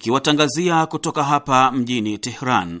kiwatangazia kutoka hapa mjini Tehran.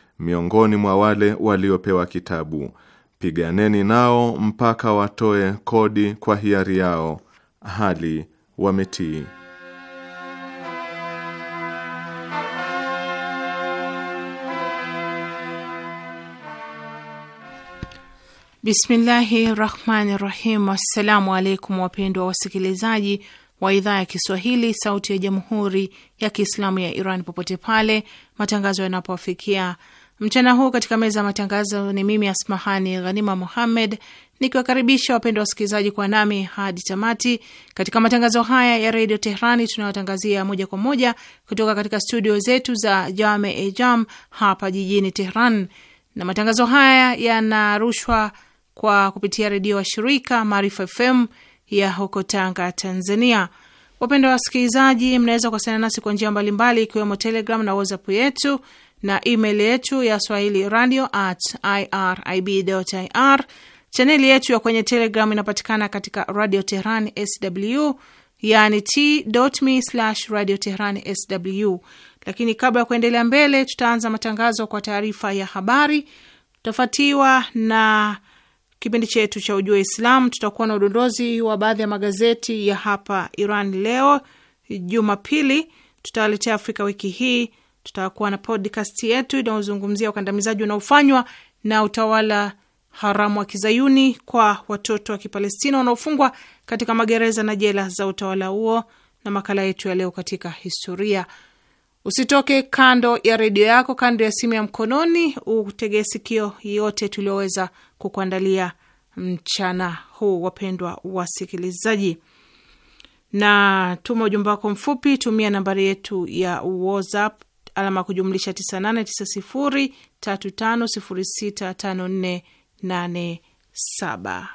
miongoni mwa wale waliopewa kitabu, piganeni nao mpaka watoe kodi kwa hiari yao hali wametii. Bismillahi rahmani rahim. Assalamu alaikum wapendwa wasikilizaji wa idhaa ya Kiswahili sauti ya jamhuri ya Kiislamu ya Iran, popote pale matangazo yanapowafikia Mchana huu katika meza ya matangazo ni mimi Asmahani Ghanima Muhammed nikiwakaribisha wapendwa wasikilizaji kwa nami hadi tamati katika matangazo haya ya redio Tehrani Tunawatangazia moja kwa moja kutoka katika studio zetu za Jame e Jam hapa jijini Tehran, na matangazo haya yanarushwa kwa kupitia redio shirika Maarifa FM ya huko Tanga, Tanzania. Wapendwa wasikilizaji, mnaweza kuwasiliana nasi kwa njia mbalimbali, ikiwemo Telegram na WhatsApp yetu na email yetu ya swahili radio at irib ir. Chaneli yetu ya kwenye Telegram inapatikana katika Radio Tehran sw yani t.me slash radio tehran sw. Lakini kabla ya kuendelea mbele, tutaanza matangazo kwa taarifa ya habari, tutafuatiwa na kipindi chetu cha ujua Islam. Tutakuwa na udondozi wa baadhi ya magazeti ya hapa Iran leo Jumapili, tutawaletea Afrika wiki hii tutakuwa na podcast yetu inayozungumzia ukandamizaji unaofanywa na utawala haramu wa kizayuni kwa watoto wa Kipalestina wanaofungwa katika magereza na jela za utawala huo, na makala yetu ya leo katika historia. Usitoke kando ya redio yako, kando ya simu ya mkononi, utegee sikio yote tulioweza kukuandalia mchana huu, wapendwa wasikilizaji, na tuma ujumbe wako mfupi, tumia nambari yetu ya WhatsApp alama kujumlisha 989035065487.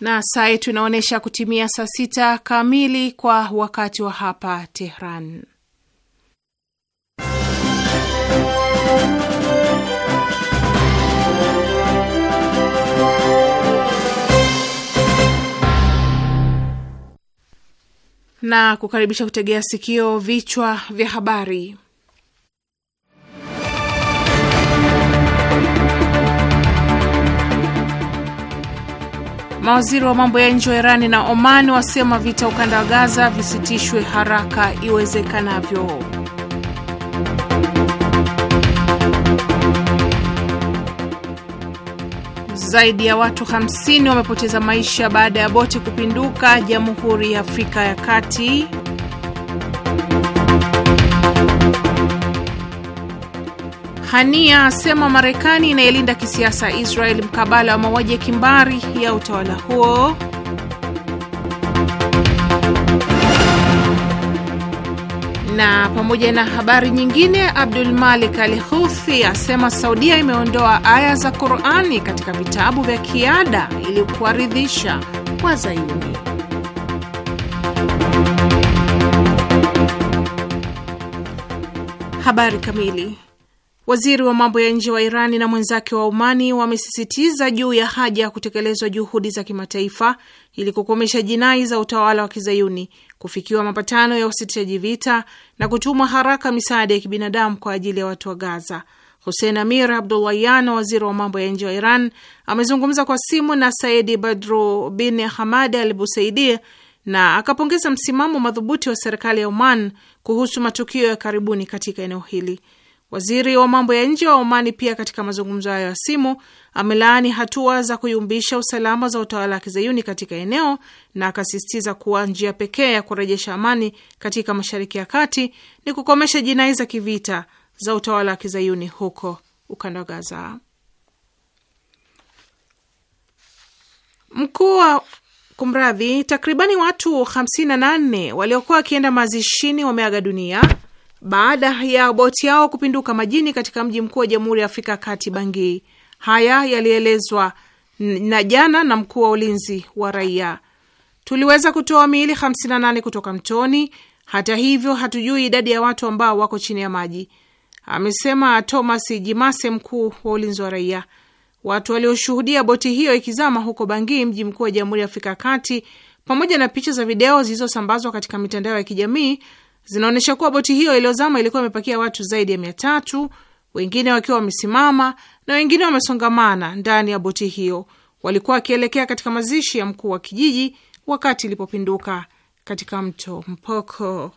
Na saa yetu inaonyesha kutimia saa sita kamili kwa wakati wa hapa Tehran. na kukaribisha kutegea sikio vichwa vya habari. Mawaziri wa mambo ya nje wa Irani na Omani wasema vita ukanda wa Gaza visitishwe haraka iwezekanavyo. Zaidi ya watu 50 wamepoteza maisha baada ya boti kupinduka Jamhuri ya Afrika ya Kati. Hania asema Marekani inailinda kisiasa Israel mkabala wa mauaji ya kimbari ya utawala huo. na pamoja na habari nyingine, Abdul Malik Al Houthi asema Saudia imeondoa aya za Qurani katika vitabu vya kiada ili kuwaridhisha Wazayuni. Habari kamili Waziri wa mambo ya nje wa Irani na mwenzake wa Umani wamesisitiza juu ya haja ya kutekelezwa juhudi za kimataifa ili kukomesha jinai za utawala wa kizayuni, kufikiwa mapatano ya usitishaji vita na kutumwa haraka misaada ya kibinadamu kwa ajili ya watu wa Gaza. Hussein Amir Abdullahian, waziri wa mambo ya nje wa Iran, amezungumza kwa simu na Saidi Badru bin Hamad al Busaidi na akapongeza msimamo madhubuti wa serikali ya Oman kuhusu matukio ya karibuni katika eneo hili. Waziri wa mambo ya nje wa Omani pia katika mazungumzo hayo ya simu amelaani hatua za kuyumbisha usalama za utawala wa kizayuni katika eneo na akasisitiza kuwa njia pekee ya kurejesha amani katika Mashariki ya Kati ni kukomesha jinai za kivita za utawala wa kizayuni huko ukanda wa Gaza. Mkuu wa kumradhi, takribani watu 58 waliokuwa wakienda maazishini wameaga dunia baada ya boti yao kupinduka majini katika mji mkuu wa Jamhuri ya Afrika ya Kati, Bangui. Haya yalielezwa na jana na mkuu wa ulinzi wa raia. Tuliweza kutoa miili 58 kutoka mtoni. Hata hivyo, hatujui idadi ya watu ambao wako chini ya maji, amesema Thomas Jimase, mkuu wa ulinzi wa raia. Watu walioshuhudia boti hiyo ikizama huko Bangui, mji mkuu wa Jamhuri ya Afrika ya Kati, pamoja na picha za video zilizosambazwa katika mitandao ya kijamii zinaonyesha kuwa boti hiyo iliyozama ilikuwa imepakia watu zaidi ya mia tatu, wengine wakiwa wamesimama na wengine wamesongamana ndani ya boti hiyo. Walikuwa wakielekea katika mazishi ya mkuu wa kijiji wakati ilipopinduka katika mto Mpoko.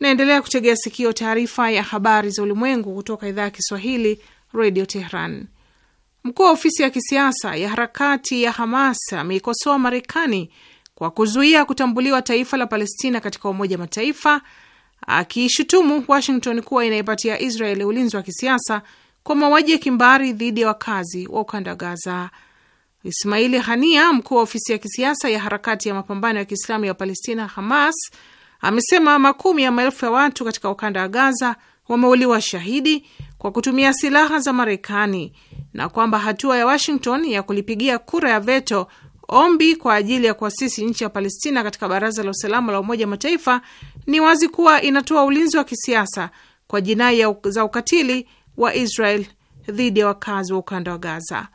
Naendelea kutegea sikio taarifa ya habari za ulimwengu kutoka idhaa ya Kiswahili, Radio Tehran. Mkuu wa ofisi ya kisiasa ya harakati ya Hamas ameikosoa Marekani kwa kuzuia kutambuliwa taifa la Palestina katika Umoja Mataifa, akiishutumu Washington kuwa inaipatia Israeli ulinzi wa kisiasa kwa mauaji ya kimbari dhidi ya wakazi wa ukanda wa Gaza. Ismaili Hania, mkuu wa ofisi ya kisiasa ya harakati ya mapambano ya kiislamu ya Palestina, Hamas, amesema makumi ya maelfu ya watu katika ukanda wa Gaza wameuliwa shahidi kwa kutumia silaha za Marekani na kwamba hatua ya Washington ya kulipigia kura ya veto Ombi kwa ajili ya kuasisi nchi ya Palestina katika Baraza la Usalama la Umoja Mataifa ni wazi kuwa inatoa ulinzi wa kisiasa kwa jinai za ukatili wa Israel dhidi ya wakazi wa ukanda wa Gaza.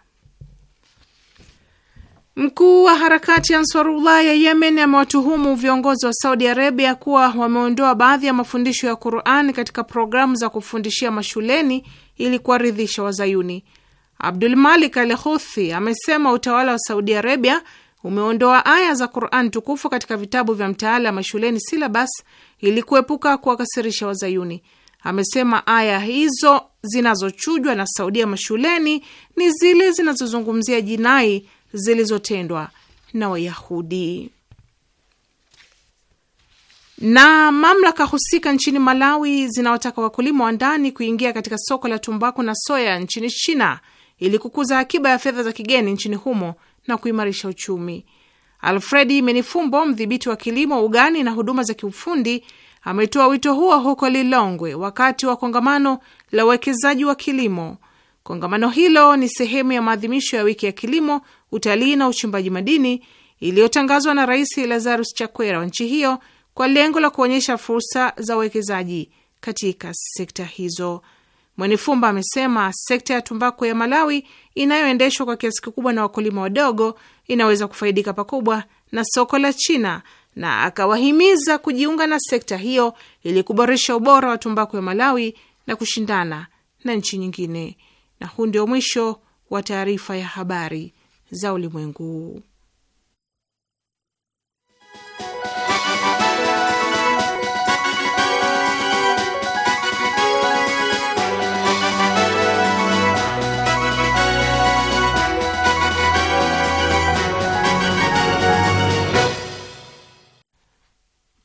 Mkuu wa harakati Ansarullah ya Yemen amewatuhumu viongozi wa Saudi Arabia kuwa wameondoa baadhi ya mafundisho ya Qur'an katika programu za kufundishia mashuleni ili kuwaridhisha Wazayuni. Abdulmalik Al Huthi amesema utawala wa Saudi Arabia umeondoa aya za Quran tukufu katika vitabu vya mtaala mashuleni silabas ili kuepuka kuwakasirisha Wazayuni. Amesema aya hizo zinazochujwa na Saudia mashuleni ni zile zinazozungumzia jinai zilizotendwa na Wayahudi. Na mamlaka husika nchini Malawi zinawataka wakulima wa ndani kuingia katika soko la tumbaku na soya nchini China ili kukuza akiba ya fedha za kigeni nchini humo na kuimarisha uchumi. Alfredi Menifumbo, mdhibiti wa kilimo, ugani na huduma za kiufundi, ametoa wito huo huko Lilongwe wakati wa kongamano la uwekezaji wa kilimo. Kongamano hilo ni sehemu ya maadhimisho ya wiki ya kilimo, utalii na uchimbaji madini iliyotangazwa na Rais Lazarus Chakwera wa nchi hiyo kwa lengo la kuonyesha fursa za uwekezaji katika sekta hizo. Mwenifumba amesema sekta ya tumbaku ya Malawi inayoendeshwa kwa kiasi kikubwa na wakulima wadogo inaweza kufaidika pakubwa na soko la China na akawahimiza kujiunga na sekta hiyo ili kuboresha ubora wa tumbaku ya Malawi na kushindana na nchi nyingine. Na huu ndio mwisho wa taarifa ya habari za ulimwengu.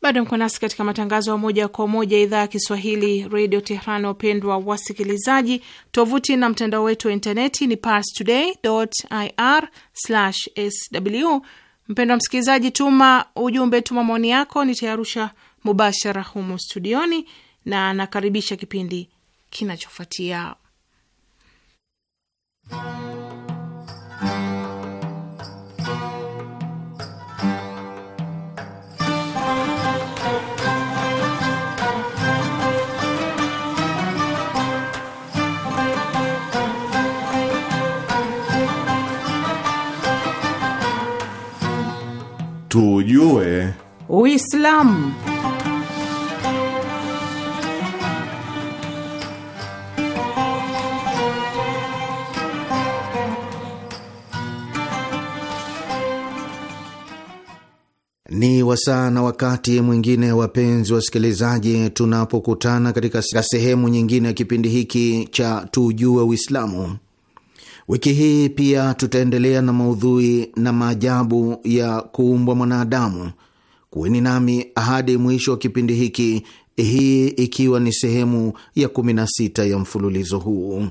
Bado mko nasi katika matangazo ya moja kwa moja idhaa ya Kiswahili redio Tehran. Wapendwa wasikilizaji, tovuti na mtandao wetu wa intaneti ni parstoday.ir/sw. Mpendwa msikilizaji, tuma ujumbe, tuma maoni yako, nitayarusha mubashara humu studioni na nakaribisha kipindi kinachofuatia. Uislamu. Ni wasaa na wakati mwingine, wapenzi wasikilizaji, tunapokutana katika sehemu nyingine ya kipindi hiki cha Tujue Uislamu. Wiki hii pia tutaendelea na maudhui na maajabu ya kuumbwa mwanadamu Kuweni nami hadi mwisho wa kipindi hiki, hii ikiwa ni sehemu ya 16 ya mfululizo huu.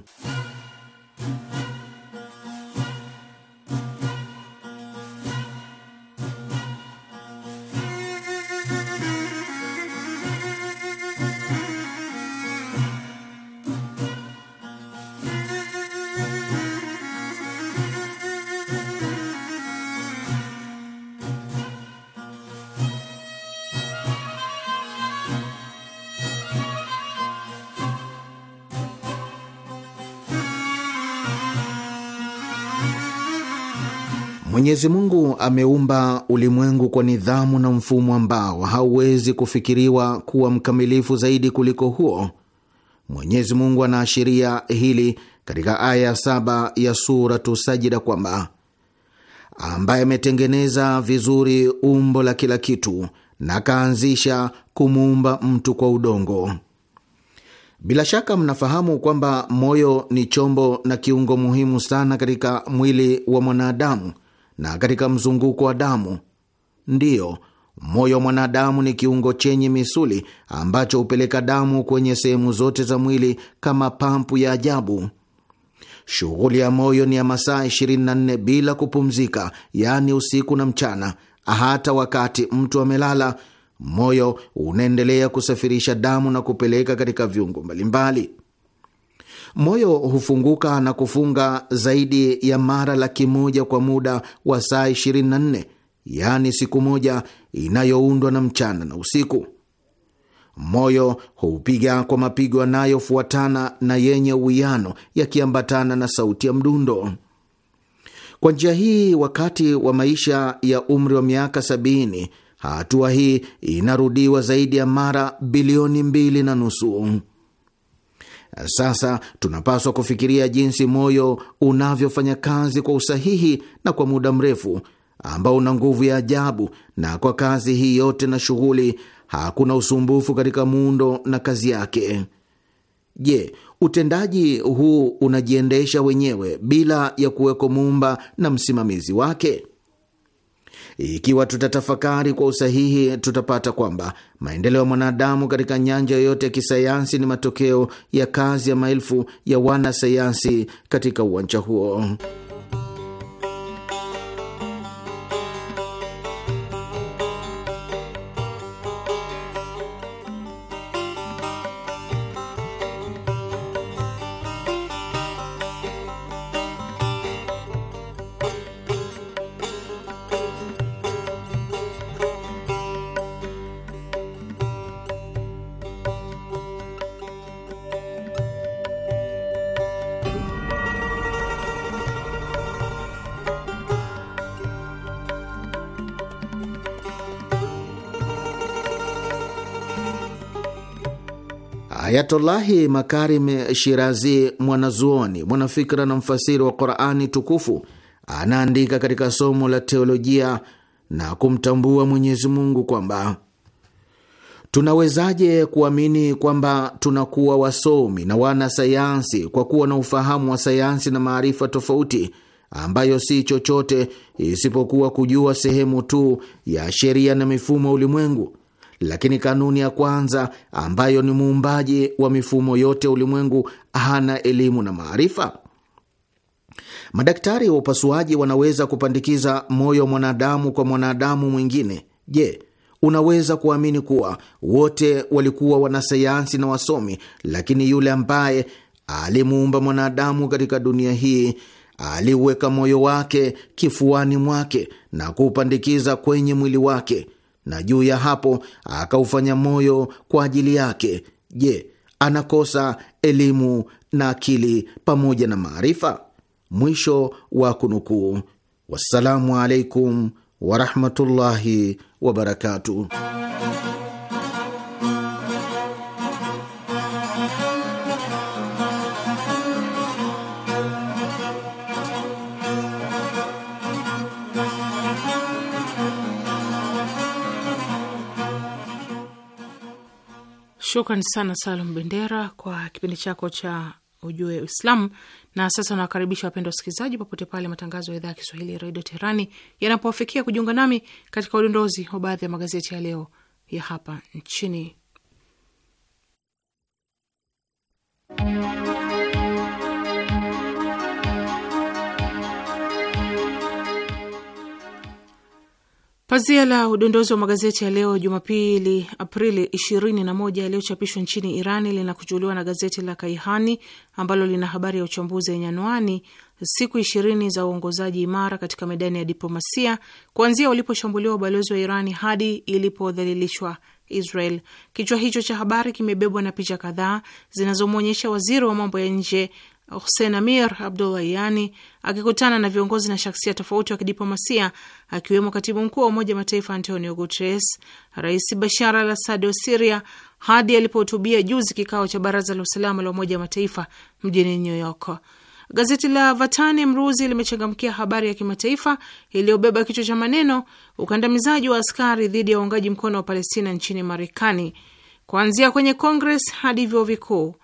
Mwenyezi Mungu ameumba ulimwengu kwa nidhamu na mfumo ambao hauwezi kufikiriwa kuwa mkamilifu zaidi kuliko huo. Mwenyezi Mungu anaashiria hili katika aya saba ya Suratu Sajida kwamba ambaye ametengeneza vizuri umbo la kila kitu na akaanzisha kumuumba mtu kwa udongo. Bila shaka mnafahamu kwamba moyo ni chombo na kiungo muhimu sana katika mwili wa mwanadamu na katika mzunguko wa damu. Ndiyo, moyo wa mwanadamu ni kiungo chenye misuli ambacho hupeleka damu kwenye sehemu zote za mwili kama pampu ya ajabu. Shughuli ya moyo ni ya masaa 24 bila kupumzika, yaani usiku na mchana. Hata wakati mtu amelala, moyo unaendelea kusafirisha damu na kupeleka katika viungo mbalimbali moyo hufunguka na kufunga zaidi ya mara laki moja kwa muda wa saa 24 yaani siku moja inayoundwa na mchana na usiku. Moyo huupiga kwa mapigo yanayofuatana na yenye uwiano, yakiambatana na sauti ya mdundo. Kwa njia hii, wakati wa maisha ya umri wa miaka sabini, hatua hii inarudiwa zaidi ya mara bilioni mbili na nusu. Sasa tunapaswa kufikiria jinsi moyo unavyofanya kazi kwa usahihi na kwa muda mrefu ambao una nguvu ya ajabu, na kwa kazi hii yote na shughuli, hakuna usumbufu katika muundo na kazi yake. Je, utendaji huu unajiendesha wenyewe bila ya kuweko muumba na msimamizi wake? Ikiwa tutatafakari kwa usahihi, tutapata kwamba maendeleo ya mwanadamu katika nyanja yoyote ya kisayansi ni matokeo ya kazi ya maelfu ya wanasayansi katika uwanja huo. Ayatollahi Makarim Shirazi, mwanazuoni, mwanafikra na mfasiri wa Qurani Tukufu, anaandika katika somo la teolojia na kumtambua Mwenyezi Mungu kwamba tunawezaje kuamini kwamba tunakuwa wasomi na wana sayansi kwa kuwa na ufahamu wa sayansi na maarifa tofauti ambayo si chochote isipokuwa kujua sehemu tu ya sheria na mifumo ulimwengu lakini kanuni ya kwanza ambayo ni muumbaji wa mifumo yote ya ulimwengu hana elimu na maarifa? Madaktari wa upasuaji wanaweza kupandikiza moyo mwanadamu kwa mwanadamu mwingine. Je, unaweza kuamini kuwa wote walikuwa wanasayansi na wasomi, lakini yule ambaye alimuumba mwanadamu katika dunia hii aliweka moyo wake kifuani mwake na kuupandikiza kwenye mwili wake na juu ya hapo akaufanya moyo kwa ajili yake. Je, anakosa elimu na akili pamoja na maarifa? Mwisho wa kunukuu. Wassalamu alaikum warahmatullahi wabarakatuh. Shukran sana Salum Bendera kwa kipindi chako cha Ujue Uislamu. Na sasa nawakaribisha wapendwa wasikilizaji, popote pale matangazo ya idhaa ya Kiswahili ya redio Teherani yanapowafikia, kujiunga nami katika udondozi wa baadhi ya magazeti ya leo ya hapa nchini Pazia la udondozi wa magazeti ya leo Jumapili, Aprili 21 yaliyochapishwa nchini Irani linakuchuliwa na gazeti la Kaihani ambalo lina habari ya uchambuzi yenye anwani siku ishirini za uongozaji imara katika medani ya diplomasia, kuanzia uliposhambuliwa ubalozi wa Irani hadi ilipodhalilishwa Israel. Kichwa hicho cha habari kimebebwa na picha kadhaa zinazomwonyesha waziri wa mambo ya nje Hussein Amir Abdullahiani akikutana na viongozi na shaksia tofauti wa kidiplomasia akiwemo katibu mkuu wa Umoja Mataifa Antonio Guterres, Rais Bashar al Assad wa Siria hadi alipohutubia juzi kikao cha Baraza la Usalama la Umoja Mataifa mjini New York. Gazeti la Vatani Mruzi limechangamkia habari ya kimataifa iliyobeba kichwa cha maneno ukandamizaji wa askari dhidi ya uungaji mkono wa Palestina nchini Marekani, kuanzia kwenye Kongres hadi vyuo vikuu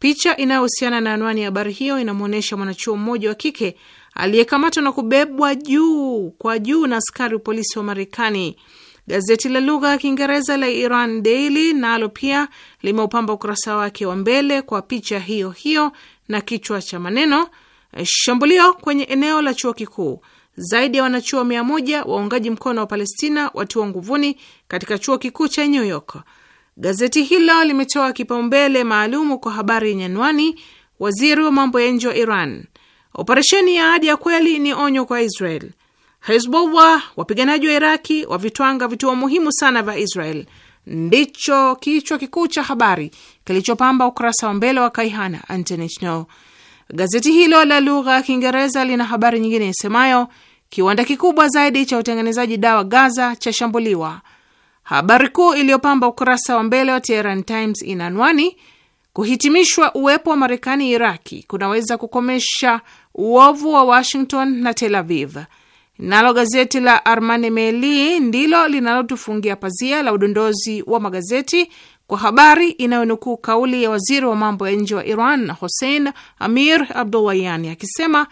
Picha inayohusiana na anwani ya habari hiyo inamwonyesha mwanachuo mmoja wa kike aliyekamatwa na kubebwa juu kwa juu na askari polisi wa Marekani. Gazeti la lugha ya Kiingereza la Iran Daily nalo na pia limeupamba ukurasa wake wa mbele kwa picha hiyo hiyo na kichwa cha maneno eh, shambulio kwenye eneo la chuo kikuu, zaidi ya wanachuo mia moja waungaji mkono wa Palestina watiwa nguvuni katika chuo kikuu cha New York. Gazeti hilo limetoa kipaumbele maalumu kwa habari yenye anwani waziri wa mambo ya nje wa Iran: operesheni ya ahadi ya kweli ni onyo kwa Israel. Hezbollah, wapiganaji wa Iraki wavitwanga vituo muhimu sana vya Israel, ndicho kichwa kikuu cha habari kilichopamba ukurasa wa mbele wa Kaihana International. Gazeti hilo la lugha ya Kiingereza lina habari nyingine isemayo kiwanda kikubwa zaidi cha utengenezaji dawa Gaza chashambuliwa. Habari kuu iliyopamba ukurasa wa mbele wa Tehran Times ina anwani kuhitimishwa uwepo wa Marekani Iraki kunaweza kukomesha uovu wa Washington na Tel Aviv. Nalo gazeti la Armane Meli ndilo linalotufungia pazia la udondozi wa magazeti kwa habari inayonukuu kauli ya waziri wa mambo ya nje wa Iran Hossein Amir Abdollahian akisema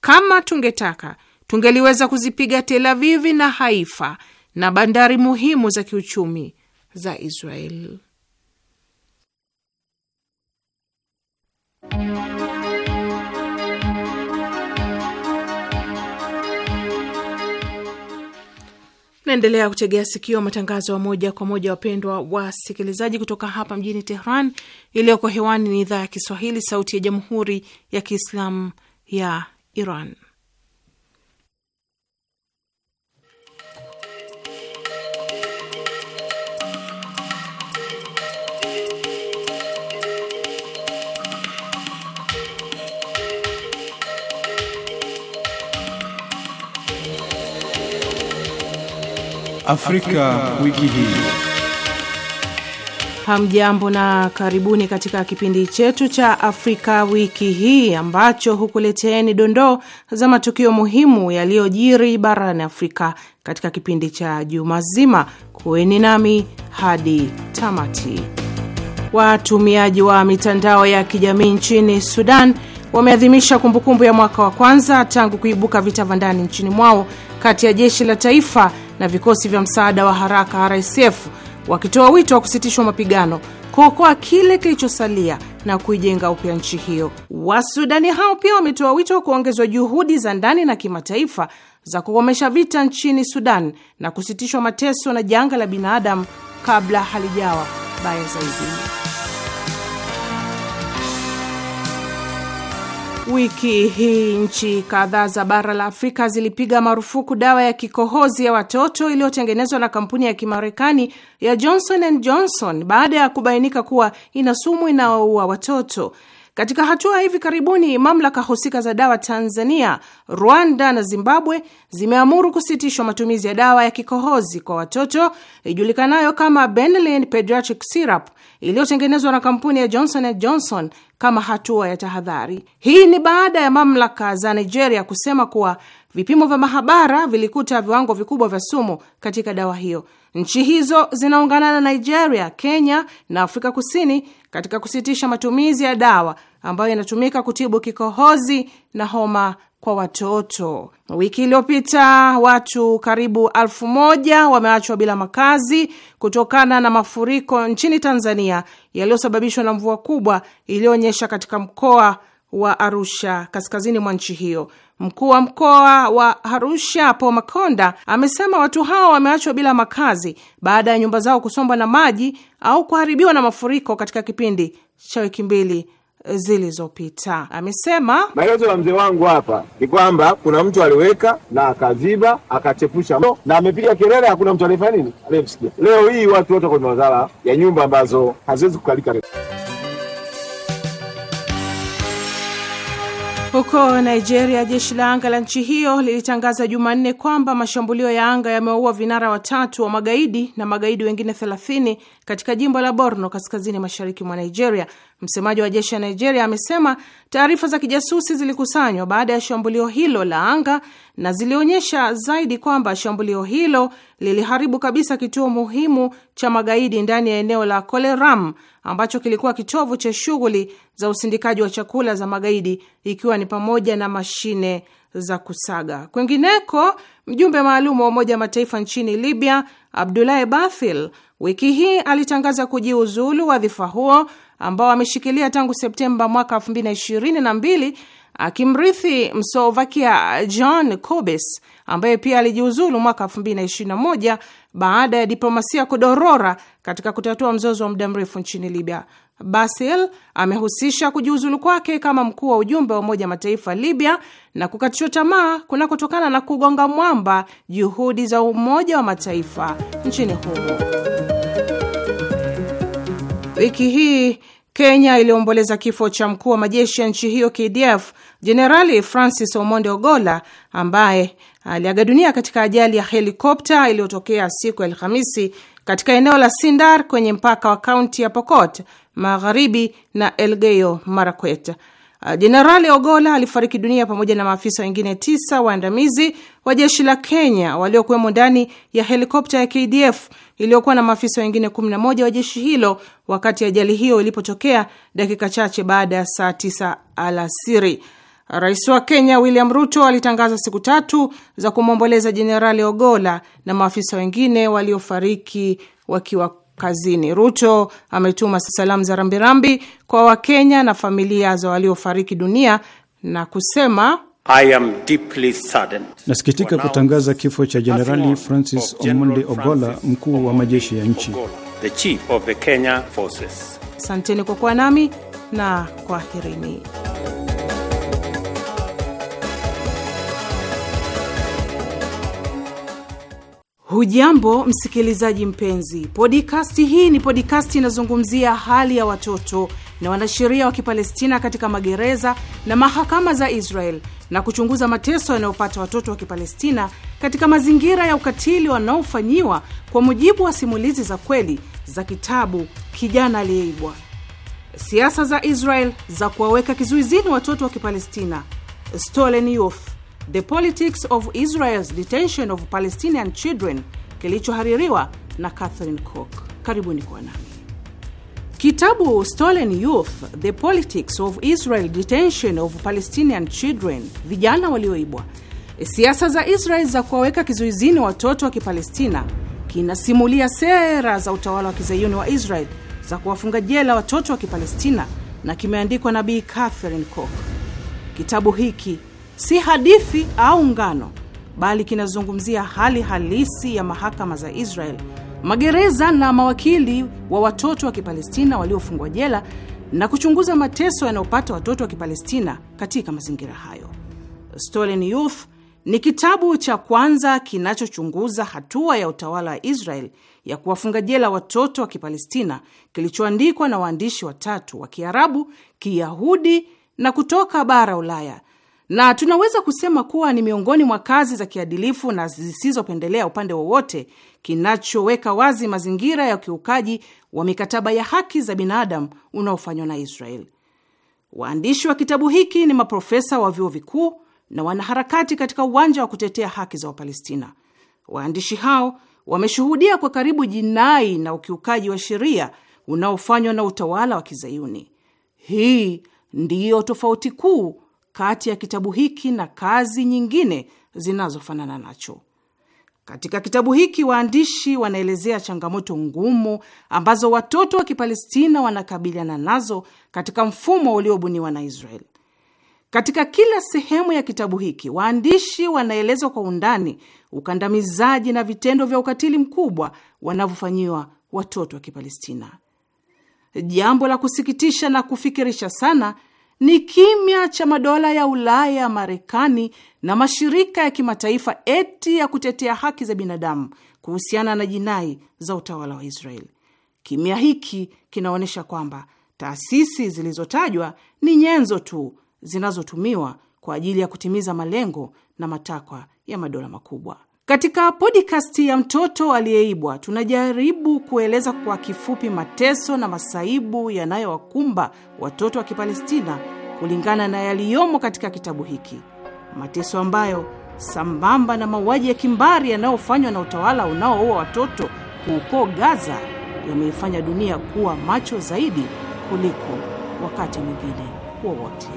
kama tungetaka tungeliweza kuzipiga Tel Aviv na Haifa na bandari muhimu za kiuchumi za Israel. Naendelea kutegea sikio matangazo ya moja kwa moja, wapendwa wasikilizaji, kutoka hapa mjini Tehran. Iliyoko hewani ni idhaa ya Kiswahili, Sauti ya Jamhuri ya Kiislamu ya Iran. Afrika, wiki hii. Hamjambo na karibuni katika kipindi chetu cha Afrika wiki hii ambacho hukuleteeni dondoo za matukio muhimu yaliyojiri barani Afrika katika kipindi cha juma zima. Kuweni nami hadi tamati. Watumiaji wa mitandao ya kijamii nchini Sudan wameadhimisha kumbukumbu ya mwaka wa kwanza tangu kuibuka vita vya ndani nchini mwao kati ya jeshi la taifa na vikosi vya msaada wa haraka RSF wakitoa wito wa kusitishwa mapigano, kuokoa kile kilichosalia na kuijenga upya nchi hiyo. Wasudani hao pia wametoa wito wa kuongezwa juhudi za ndani na kimataifa za kukomesha vita nchini Sudan na kusitishwa mateso na janga la binadamu kabla halijawa baya zaidi. Wiki hii nchi kadhaa za bara la Afrika zilipiga marufuku dawa ya kikohozi ya watoto iliyotengenezwa na kampuni ya Kimarekani ya Johnson and Johnson baada ya kubainika kuwa ina sumu inayoua watoto. Katika hatua hivi karibuni, mamlaka husika za dawa Tanzania, Rwanda na Zimbabwe zimeamuru kusitishwa matumizi ya dawa ya kikohozi kwa watoto ijulikanayo kama Benlyn pediatric syrup iliyotengenezwa na kampuni ya Johnson and Johnson kama hatua ya tahadhari. Hii ni baada ya mamlaka za Nigeria kusema kuwa vipimo vya mahabara vilikuta viwango vikubwa vya sumu katika dawa hiyo. Nchi hizo zinaungana na Nigeria, Kenya na Afrika Kusini katika kusitisha matumizi ya dawa ambayo inatumika kutibu kikohozi na homa kwa watoto. Wiki iliyopita watu karibu elfu moja wameachwa bila makazi kutokana na mafuriko nchini Tanzania yaliyosababishwa na mvua kubwa iliyoonyesha katika mkoa wa Arusha kaskazini mwa nchi hiyo. Mkuu wa mkoa wa Arusha po Makonda amesema watu hao wameachwa bila makazi baada ya nyumba zao kusombwa na maji au kuharibiwa na mafuriko katika kipindi cha wiki mbili eh, zilizopita. Amesema maelezo ya mzee wangu hapa ni kwamba kuna mtu aliweka na akaziba akachepusha na amepiga kelele, hakuna mtu aliyefanya nini, aliyemsikia. Leo hii watu wote kwenye madhara ya nyumba ambazo haziwezi kukalika. Huko Nigeria, jeshi la anga la nchi hiyo lilitangaza Jumanne kwamba mashambulio ya anga yamewaua vinara watatu wa magaidi na magaidi wengine 30 katika jimbo la Borno kaskazini mashariki mwa Nigeria. Msemaji wa jeshi la Nigeria amesema taarifa za kijasusi zilikusanywa baada ya shambulio hilo la anga na zilionyesha zaidi kwamba shambulio hilo liliharibu kabisa kituo muhimu cha magaidi ndani ya eneo la Koleram ambacho kilikuwa kitovu cha shughuli za usindikaji wa chakula za magaidi ikiwa ni pamoja na mashine za kusaga. Kwingineko, mjumbe maalum wa Umoja wa Mataifa nchini Libya Abdulahi Bathil Wiki hii alitangaza kujiuzulu wadhifa huo ambao ameshikilia tangu Septemba mwaka 2022 akimrithi Mslovakia John Kobes ambaye pia alijiuzulu mwaka 2021 baada ya diplomasia kudorora katika kutatua mzozo wa muda mrefu nchini Libya. Basil amehusisha kujiuzulu kwake kama mkuu wa ujumbe wa Umoja Mataifa Libya na kukatishwa tamaa kunakotokana na kugonga mwamba juhudi za Umoja wa Mataifa nchini humo. Wiki hii Kenya iliomboleza kifo cha mkuu wa majeshi ya nchi hiyo KDF Jenerali Francis omonde Ogola ambaye aliaga dunia katika ajali ya helikopta iliyotokea siku ya Alhamisi katika eneo la Sindar kwenye mpaka wa kaunti ya Pokot Magharibi na Elgeyo Marakwet. Uh, Jenerali Ogola alifariki dunia pamoja na maafisa wengine tisa waandamizi wa jeshi la Kenya waliokuwemo ndani ya helikopta ya KDF iliyokuwa na maafisa wengine 11 wa jeshi hilo wakati ajali hiyo ilipotokea dakika chache baada ya saa 9 alasiri. Rais wa Kenya William Ruto alitangaza siku tatu za kumwomboleza Jenerali Ogola na maafisa wengine waliofariki wakiwa kazini. Ruto ametuma salamu za rambirambi kwa Wakenya na familia za waliofariki dunia na kusema I am deeply saddened. Nasikitika kutangaza kifo cha Jenerali Francis omonde Ogola, mkuu wa majeshi ya nchi. Asanteni kwa kuwa nami na kwaherini. Hujambo msikilizaji mpenzi, podikasti hii ni podikasti inazungumzia hali ya watoto na wanasheria wa Kipalestina katika magereza na mahakama za Israel na kuchunguza mateso yanayopata watoto wa Kipalestina katika mazingira ya ukatili wanaofanyiwa, kwa mujibu wa simulizi za kweli za kitabu Kijana Aliyeibwa. Siasa za Israel za kuwaweka kizuizini watoto wa Kipalestina, Stolen Youth The Politics of Israel's Detention of Palestinian Children kilichohaririwa na Catherine Cook. Karibuni kuwa nami. Kitabu Stolen Youth: The Politics of Israel Detention of Palestinian Children, vijana walioibwa, siasa za Israel za kuwaweka kizuizini watoto wa Kipalestina, kinasimulia sera za utawala wa kizayuni wa Israel za kuwafunga jela watoto wa Kipalestina na kimeandikwa na Bi Catherine Cook. Kitabu hiki si hadithi au ngano, bali kinazungumzia hali halisi ya mahakama za Israel, magereza na mawakili wa watoto wa Kipalestina waliofungwa jela na kuchunguza mateso yanayopata watoto wa Kipalestina katika mazingira hayo. Stolen Youth ni kitabu cha kwanza kinachochunguza hatua ya utawala wa Israel ya kuwafunga jela watoto wa Kipalestina kilichoandikwa na waandishi watatu wa Kiarabu, Kiyahudi na kutoka bara Ulaya na tunaweza kusema kuwa ni miongoni mwa kazi za kiadilifu na zisizopendelea upande wowote, kinachoweka wazi mazingira ya ukiukaji wa mikataba ya haki za binadamu unaofanywa na Israel. Waandishi wa kitabu hiki ni maprofesa wa vyuo vikuu na wanaharakati katika uwanja wa kutetea haki za Wapalestina. Waandishi hao wameshuhudia kwa karibu jinai na ukiukaji wa sheria unaofanywa na utawala wa Kizayuni. Hii ndiyo tofauti kuu kati ya kitabu hiki na kazi nyingine zinazofanana nacho. Katika kitabu hiki waandishi wanaelezea changamoto ngumu ambazo watoto wa Kipalestina wanakabiliana nazo katika mfumo uliobuniwa na Israeli. Katika kila sehemu ya kitabu hiki waandishi wanaelezwa kwa undani ukandamizaji na vitendo vya ukatili mkubwa wanavyofanyiwa watoto wa Kipalestina. Jambo la kusikitisha na kufikirisha sana ni kimya cha madola ya Ulaya, Marekani na mashirika ya kimataifa eti ya kutetea haki za binadamu kuhusiana na jinai za utawala wa Israeli. Kimya hiki kinaonyesha kwamba taasisi zilizotajwa ni nyenzo tu zinazotumiwa kwa ajili ya kutimiza malengo na matakwa ya madola makubwa. Katika podkasti ya mtoto aliyeibwa tunajaribu kueleza kwa kifupi mateso na masaibu yanayowakumba watoto wa Kipalestina kulingana na yaliyomo katika kitabu hiki, mateso ambayo sambamba na mauaji ya kimbari yanayofanywa na utawala unaoua watoto huko Gaza yameifanya dunia kuwa macho zaidi kuliko wakati mwingine wowote.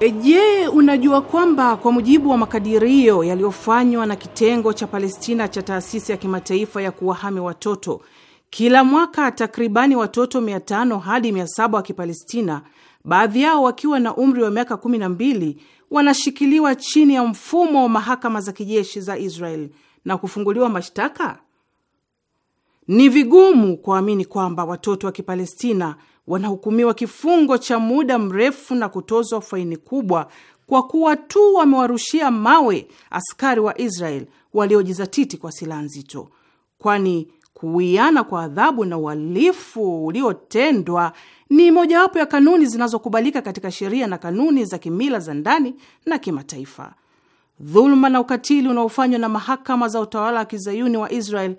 E, je, unajua kwamba kwa mujibu wa makadirio yaliyofanywa na kitengo cha Palestina cha taasisi ya kimataifa ya kuwahami watoto, kila mwaka takribani watoto 500 hadi 700 wa Kipalestina, baadhi yao wakiwa na umri wa miaka 12, wanashikiliwa chini ya mfumo wa mahakama za kijeshi za Israel na kufunguliwa mashtaka? Ni vigumu kuamini kwamba watoto wa Kipalestina wanahukumiwa kifungo cha muda mrefu na kutozwa faini kubwa kwa kuwa tu wamewarushia mawe askari wa Israel waliojizatiti kwa silaha nzito, kwani kuwiana kwa adhabu na uhalifu uliotendwa ni mojawapo ya kanuni zinazokubalika katika sheria na kanuni za kimila za ndani na kimataifa. Dhuluma na ukatili unaofanywa na mahakama za utawala wa kizayuni wa Israel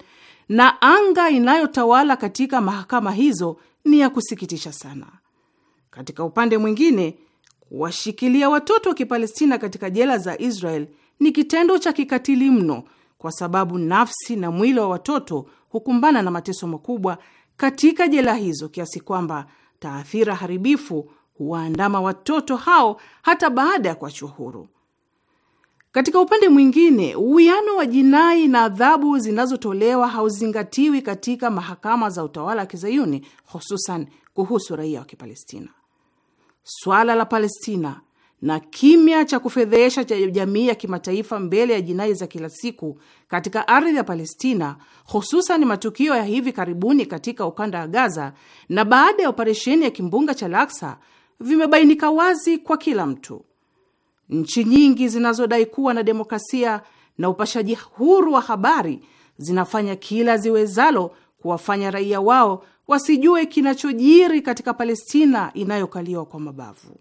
na anga inayotawala katika mahakama hizo ni ya kusikitisha sana. Katika upande mwingine, kuwashikilia watoto wa Kipalestina katika jela za Israel ni kitendo cha kikatili mno, kwa sababu nafsi na mwili wa watoto hukumbana na mateso makubwa katika jela hizo, kiasi kwamba taathira haribifu huwaandama watoto hao hata baada ya kuachiwa huru. Katika upande mwingine, uwiano wa jinai na adhabu zinazotolewa hauzingatiwi katika mahakama za utawala wa Kizayuni, hususan kuhusu raia wa Kipalestina. Swala la Palestina na kimya cha kufedhehesha cha jamii ya kimataifa mbele ya jinai za kila siku katika ardhi ya Palestina, hususan matukio ya hivi karibuni katika ukanda wa Gaza na baada ya operesheni ya kimbunga cha Laksa, vimebainika wazi kwa kila mtu. Nchi nyingi zinazodai kuwa na demokrasia na upashaji huru wa habari zinafanya kila ziwezalo kuwafanya raia wao wasijue kinachojiri katika Palestina inayokaliwa kwa mabavu.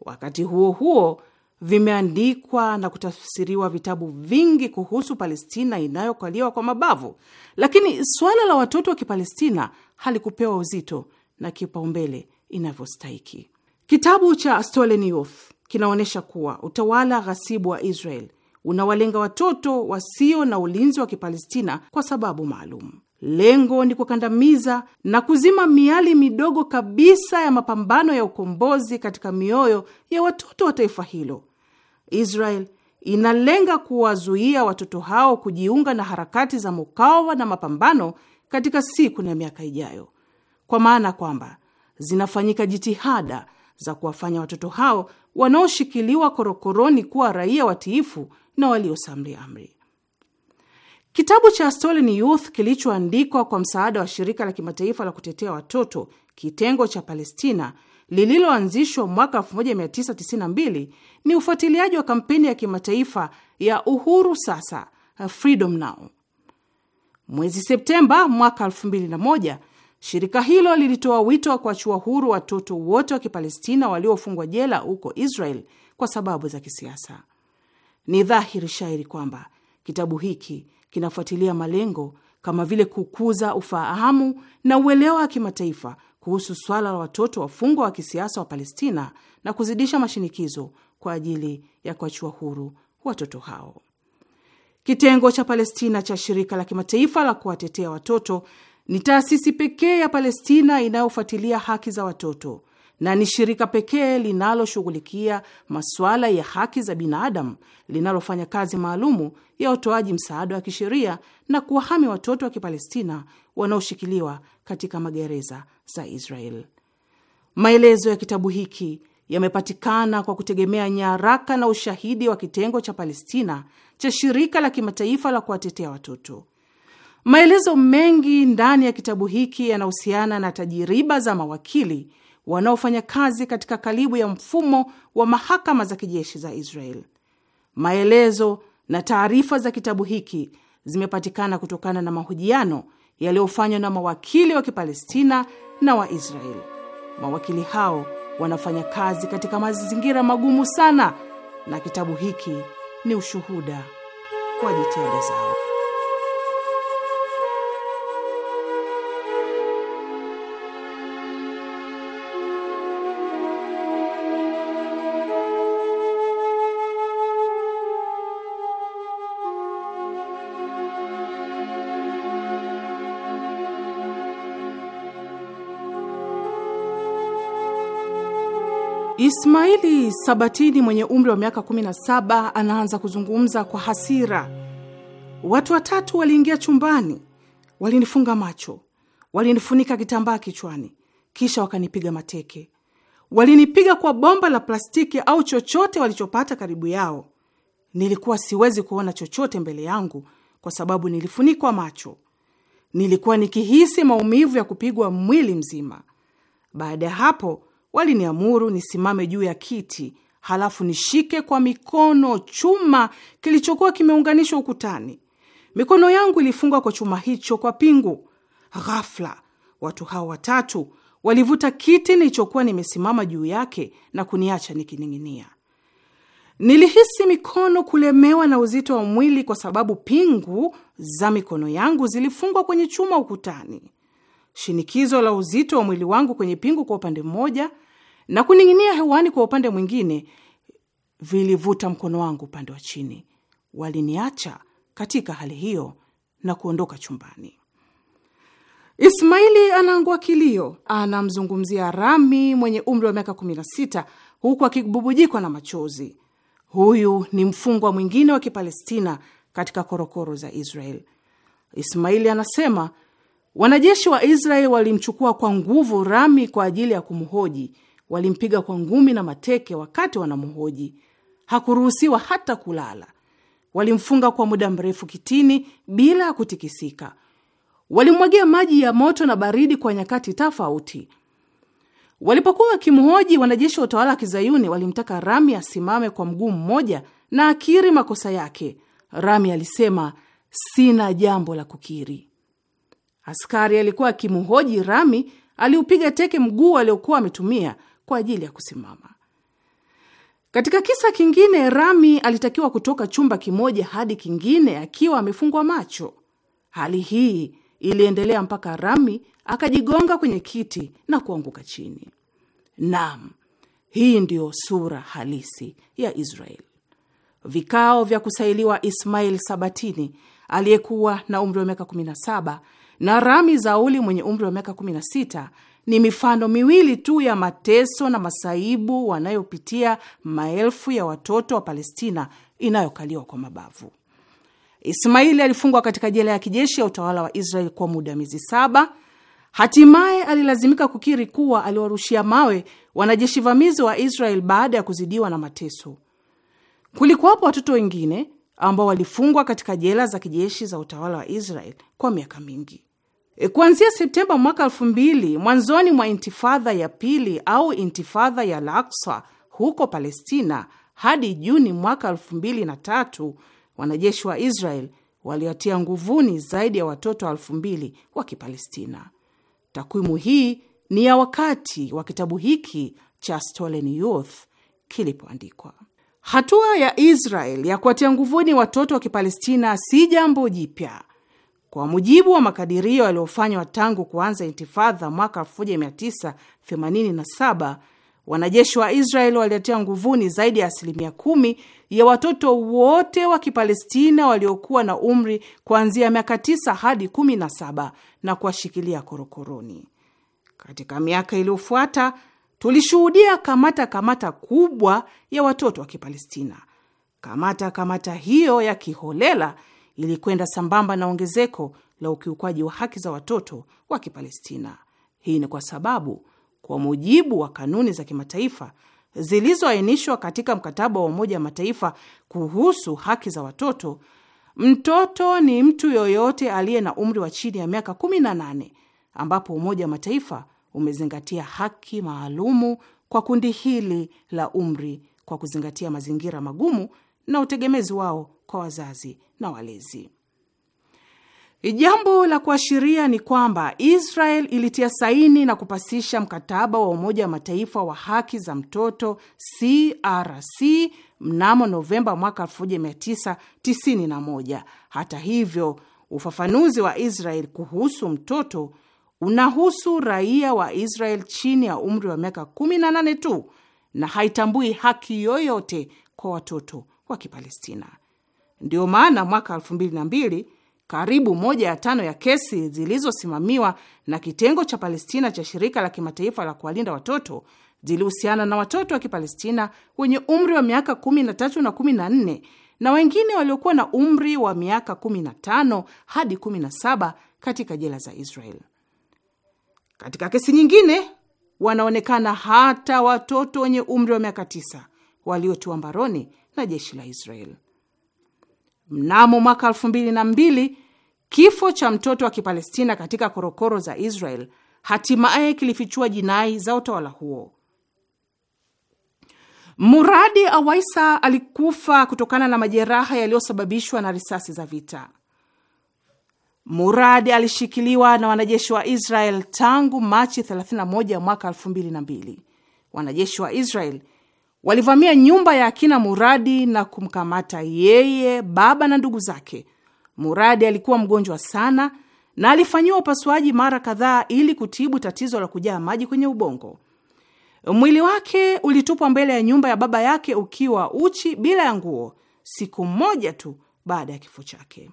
Wakati huo huo, vimeandikwa na kutafsiriwa vitabu vingi kuhusu Palestina inayokaliwa kwa mabavu, lakini suala la watoto wa Kipalestina halikupewa uzito na kipaumbele inavyostahiki. Kitabu cha Stolen Youth kinaonyesha kuwa utawala ghasibu wa Israel unawalenga watoto wasio na ulinzi wa Kipalestina kwa sababu maalum. Lengo ni kukandamiza na kuzima miali midogo kabisa ya mapambano ya ukombozi katika mioyo ya watoto wa taifa hilo. Israel inalenga kuwazuia watoto hao kujiunga na harakati za mukawa na mapambano katika siku na miaka ijayo, kwa maana kwamba zinafanyika jitihada za kuwafanya watoto hao wanaoshikiliwa korokoroni kuwa raia watiifu na waliosamri amri. Kitabu cha Stolen Youth kilichoandikwa kwa msaada wa shirika la kimataifa la kutetea watoto kitengo cha Palestina lililoanzishwa mwaka 1992 ni ufuatiliaji wa kampeni ya kimataifa ya uhuru sasa, Freedom Now. Mwezi Septemba mwaka 2001 Shirika hilo lilitoa wito wa kuachiwa huru watoto wote wa Kipalestina waliofungwa jela huko Israel kwa sababu za kisiasa. Ni dhahiri shairi kwamba kitabu hiki kinafuatilia malengo kama vile kukuza ufahamu na uelewa wa kimataifa kuhusu swala la watoto wafungwa wa kisiasa wa Palestina na kuzidisha mashinikizo kwa ajili ya kuachiwa huru watoto hao. Kitengo cha Palestina cha shirika la kimataifa la kuwatetea watoto ni taasisi pekee ya Palestina inayofuatilia haki za watoto na ni shirika pekee linaloshughulikia masuala ya haki za binadamu linalofanya kazi maalumu ya utoaji msaada wa kisheria na kuwahami watoto wa Kipalestina wanaoshikiliwa katika magereza za Israel. Maelezo ya kitabu hiki yamepatikana kwa kutegemea nyaraka na ushahidi wa kitengo cha Palestina cha shirika la kimataifa la kuwatetea watoto. Maelezo mengi ndani ya kitabu hiki yanahusiana na tajiriba za mawakili wanaofanya kazi katika kalibu ya mfumo wa mahakama za kijeshi za Israel. Maelezo na taarifa za kitabu hiki zimepatikana kutokana na mahojiano yaliyofanywa na mawakili wa Kipalestina na waisrael Mawakili hao wanafanya kazi katika mazingira magumu sana, na kitabu hiki ni ushuhuda kwa jitihada zao. Ismaili Sabatini mwenye umri wa miaka 17 anaanza kuzungumza kwa hasira. Watu watatu waliingia chumbani, walinifunga macho, walinifunika kitambaa kichwani, kisha wakanipiga mateke. Walinipiga kwa bomba la plastiki au chochote walichopata karibu yao. Nilikuwa siwezi kuona chochote mbele yangu kwa sababu nilifunikwa macho. Nilikuwa nikihisi maumivu ya kupigwa mwili mzima. Baada ya hapo waliniamuru nisimame juu ya kiti, halafu nishike kwa mikono chuma kilichokuwa kimeunganishwa ukutani. Mikono yangu ilifungwa kwa chuma hicho kwa pingu. Ghafla watu hao watatu walivuta kiti nilichokuwa nimesimama juu yake na kuniacha nikining'inia. Nilihisi mikono kulemewa na uzito wa mwili kwa sababu pingu za mikono yangu zilifungwa kwenye chuma ukutani. Shinikizo la uzito wa mwili wangu kwenye pingu kwa upande mmoja na kuning'inia hewani kwa upande mwingine vilivuta mkono wangu upande wa chini. Waliniacha katika hali hiyo na kuondoka chumbani. Ismaili anaangua kilio, anamzungumzia Rami mwenye umri wa miaka 16 huku akibubujikwa na machozi. Huyu ni mfungwa mwingine wa Kipalestina katika korokoro za Israel. Ismaili anasema wanajeshi wa Israel walimchukua kwa nguvu Rami kwa ajili ya kumhoji Walimpiga kwa ngumi na mateke wakati wanamhoji. Hakuruhusiwa hata kulala. Walimfunga kwa muda mrefu kitini bila ya kutikisika. Walimwagia maji ya moto na baridi kwa nyakati tofauti. Walipokuwa wakimhoji, wanajeshi wa utawala wa kizayuni walimtaka Rami asimame kwa mguu mmoja na akiri makosa yake. Rami alisema, sina jambo la kukiri. Askari alikuwa akimhoji Rami aliupiga teke mguu aliokuwa ametumia kwa ajili ya kusimama. Katika kisa kingine, Rami alitakiwa kutoka chumba kimoja hadi kingine akiwa amefungwa macho. Hali hii iliendelea mpaka Rami akajigonga kwenye kiti na kuanguka chini. Naam, hii ndiyo sura halisi ya israel Vikao vya kusailiwa Ismail Sabatini aliyekuwa na umri wa miaka 17 na Rami Zauli mwenye umri wa miaka 16 ni mifano miwili tu ya mateso na masaibu wanayopitia maelfu ya watoto wa Palestina inayokaliwa kwa mabavu. Ismaili alifungwa katika jela ya kijeshi ya utawala wa israel kwa muda miezi saba. Hatimaye alilazimika kukiri kuwa aliwarushia mawe wanajeshi vamizi wa israel baada ya kuzidiwa na mateso. Kulikuwapo watoto wengine ambao walifungwa katika jela za kijeshi za utawala wa israel kwa miaka mingi. E, kuanzia Septemba mwaka elfu mbili, mwanzoni mwa intifadha ya pili au intifadha ya Al-Aqsa huko Palestina, hadi Juni mwaka elfu mbili na tatu, wanajeshi wa Israel waliwatia nguvuni zaidi ya watoto elfu mbili wa Kipalestina. Takwimu hii ni ya wakati wa kitabu hiki cha Stolen Youth kilipoandikwa. Hatua ya Israel ya kuwatia nguvuni watoto wa Kipalestina si jambo jipya kwa mujibu wa makadirio yaliyofanywa tangu kuanza intifadha mwaka 1987 wanajeshi wa Israeli waliatia nguvuni zaidi ya asilimia kumi ya watoto wote wa Kipalestina waliokuwa na umri kuanzia miaka 9 hadi 17 na kuwashikilia korokoroni. Katika miaka iliyofuata tulishuhudia kamata kamata kubwa ya watoto wa Kipalestina. Kamata kamata hiyo ya kiholela ili kwenda sambamba na ongezeko la ukiukwaji wa haki za watoto wa Kipalestina. Hii ni kwa sababu, kwa mujibu wa kanuni za kimataifa zilizoainishwa katika mkataba wa Umoja wa Mataifa kuhusu haki za watoto, mtoto ni mtu yoyote aliye na umri wa chini ya miaka 18, ambapo Umoja wa Mataifa umezingatia haki maalumu kwa kundi hili la umri kwa kuzingatia mazingira magumu na utegemezi wao kwa wazazi na walezi. Jambo la kuashiria ni kwamba Israel ilitia saini na kupasisha mkataba wa Umoja wa Mataifa wa haki za mtoto CRC mnamo Novemba mwaka 1991. Hata hivyo, ufafanuzi wa Israel kuhusu mtoto unahusu raia wa Israel chini ya umri wa miaka 18 tu na haitambui haki yoyote kwa watoto wa Kipalestina. Ndiyo maana mwaka mbili karibu moja ya tano ya kesi zilizosimamiwa na kitengo cha Palestina cha shirika la kimataifa la kuwalinda watoto zilihusiana na watoto wa Kipalestina wenye umri wa miaka 13 na 14 na wengine waliokuwa na umri wa miaka 15 hadi 17 katika jela za Israel. Katika kesi nyingine wanaonekana hata watoto wenye umri wa miaka 9 waliotiwa mbaroni na jeshi la Israel. Mnamo mwaka elfu mbili na mbili kifo cha mtoto wa Kipalestina katika korokoro za Israel hatimaye kilifichua jinai za utawala huo. Muradi Awaisa alikufa kutokana na majeraha yaliyosababishwa na risasi za vita. Muradi alishikiliwa na wanajeshi wa Israel tangu Machi 31 mwaka 2002. Wanajeshi wa Israel walivamia nyumba ya akina Muradi na kumkamata yeye, baba na ndugu zake. Muradi alikuwa mgonjwa sana na alifanyiwa upasuaji mara kadhaa ili kutibu tatizo la kujaa maji kwenye ubongo. Mwili wake ulitupwa mbele ya nyumba ya baba yake ukiwa uchi, bila ya nguo, siku moja tu baada ya kifo chake.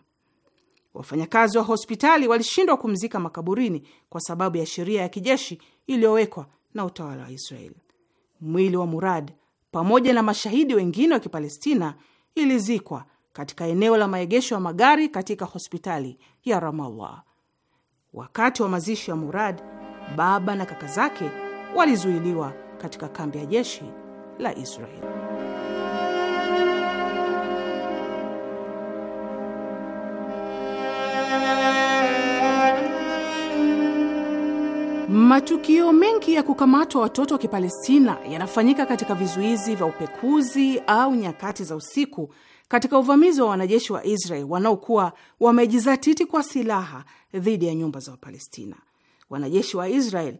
Wafanyakazi wa hospitali walishindwa kumzika makaburini kwa sababu ya sheria ya kijeshi iliyowekwa na utawala wa Israeli. Mwili wa Murad pamoja na mashahidi wengine wa Kipalestina ilizikwa katika eneo la maegesho ya magari katika hospitali ya Ramallah. Wakati wa mazishi ya Murad, baba na kaka zake walizuiliwa katika kambi ya jeshi la Israeli. Matukio mengi ya kukamatwa watoto wa Kipalestina yanafanyika katika vizuizi vya upekuzi au nyakati za usiku katika uvamizi wa wanajeshi wa Israel wanaokuwa wamejizatiti kwa silaha dhidi ya nyumba za Wapalestina. Wanajeshi wa Israel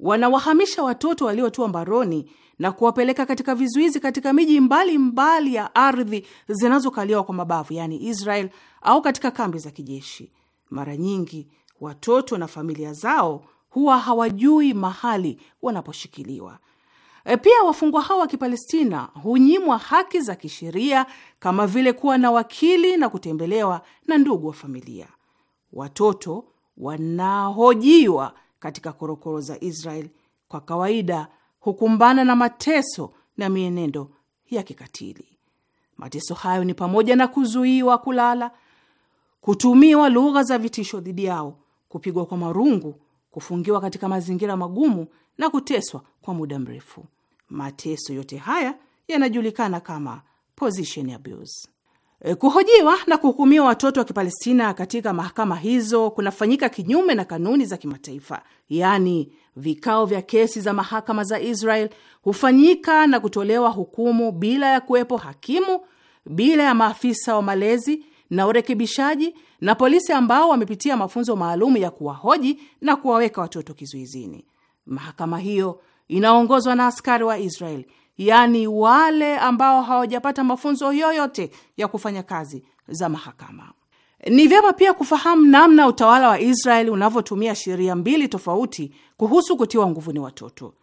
wanawahamisha watoto waliotua mbaroni na kuwapeleka katika vizuizi katika miji mbalimbali mbali ya ardhi zinazokaliwa kwa mabavu, yaani Israel, au katika kambi za kijeshi. Mara nyingi watoto na familia zao huwa hawajui mahali wanaposhikiliwa. E, pia wafungwa hao wa Kipalestina hunyimwa haki za kisheria kama vile kuwa na wakili na kutembelewa na ndugu wa familia. Watoto wanahojiwa katika korokoro za Israel kwa kawaida hukumbana na mateso na mienendo ya kikatili. Mateso hayo ni pamoja na kuzuiwa kulala, kutumiwa lugha za vitisho dhidi yao, kupigwa kwa marungu kufungiwa katika mazingira magumu na kuteswa kwa muda mrefu. Mateso yote haya yanajulikana kama position abuse. E, kuhojiwa na kuhukumiwa watoto wa Kipalestina katika mahakama hizo kunafanyika kinyume na kanuni za kimataifa, yaani vikao vya kesi za mahakama za Israel hufanyika na kutolewa hukumu bila ya kuwepo hakimu, bila ya maafisa wa malezi na urekebishaji na polisi ambao wamepitia mafunzo maalum ya kuwahoji na kuwaweka watoto kizuizini. Mahakama hiyo inaongozwa na askari wa Israel, yaani wale ambao hawajapata mafunzo yoyote ya kufanya kazi za mahakama. Ni vyema pia kufahamu namna utawala wa Israel unavyotumia sheria mbili tofauti kuhusu kutiwa nguvuni watoto.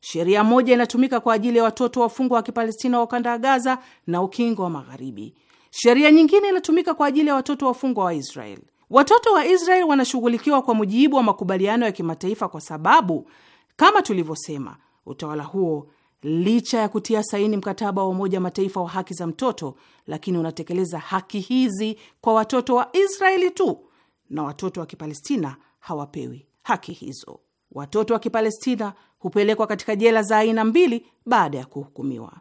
Sheria moja inatumika kwa ajili ya watoto wafungwa wa Kipalestina wa ukanda wa Gaza na ukingo wa Magharibi. Sheria nyingine ilitumika kwa ajili ya watoto wafungwa wa Israel. Watoto wa Israel wanashughulikiwa kwa mujibu wa makubaliano ya kimataifa, kwa sababu kama tulivyosema, utawala huo licha ya kutia saini mkataba wa Umoja Mataifa wa haki za mtoto, lakini unatekeleza haki hizi kwa watoto wa Israeli tu, na watoto wa Kipalestina hawapewi haki hizo. Watoto wa Kipalestina hupelekwa katika jela za aina mbili baada ya kuhukumiwa.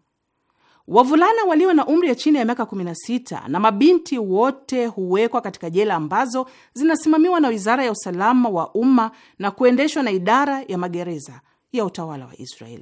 Wavulana walio na umri ya chini ya miaka 16 na mabinti wote huwekwa katika jela ambazo zinasimamiwa na Wizara ya Usalama wa Umma na kuendeshwa na idara ya magereza ya utawala wa Israel.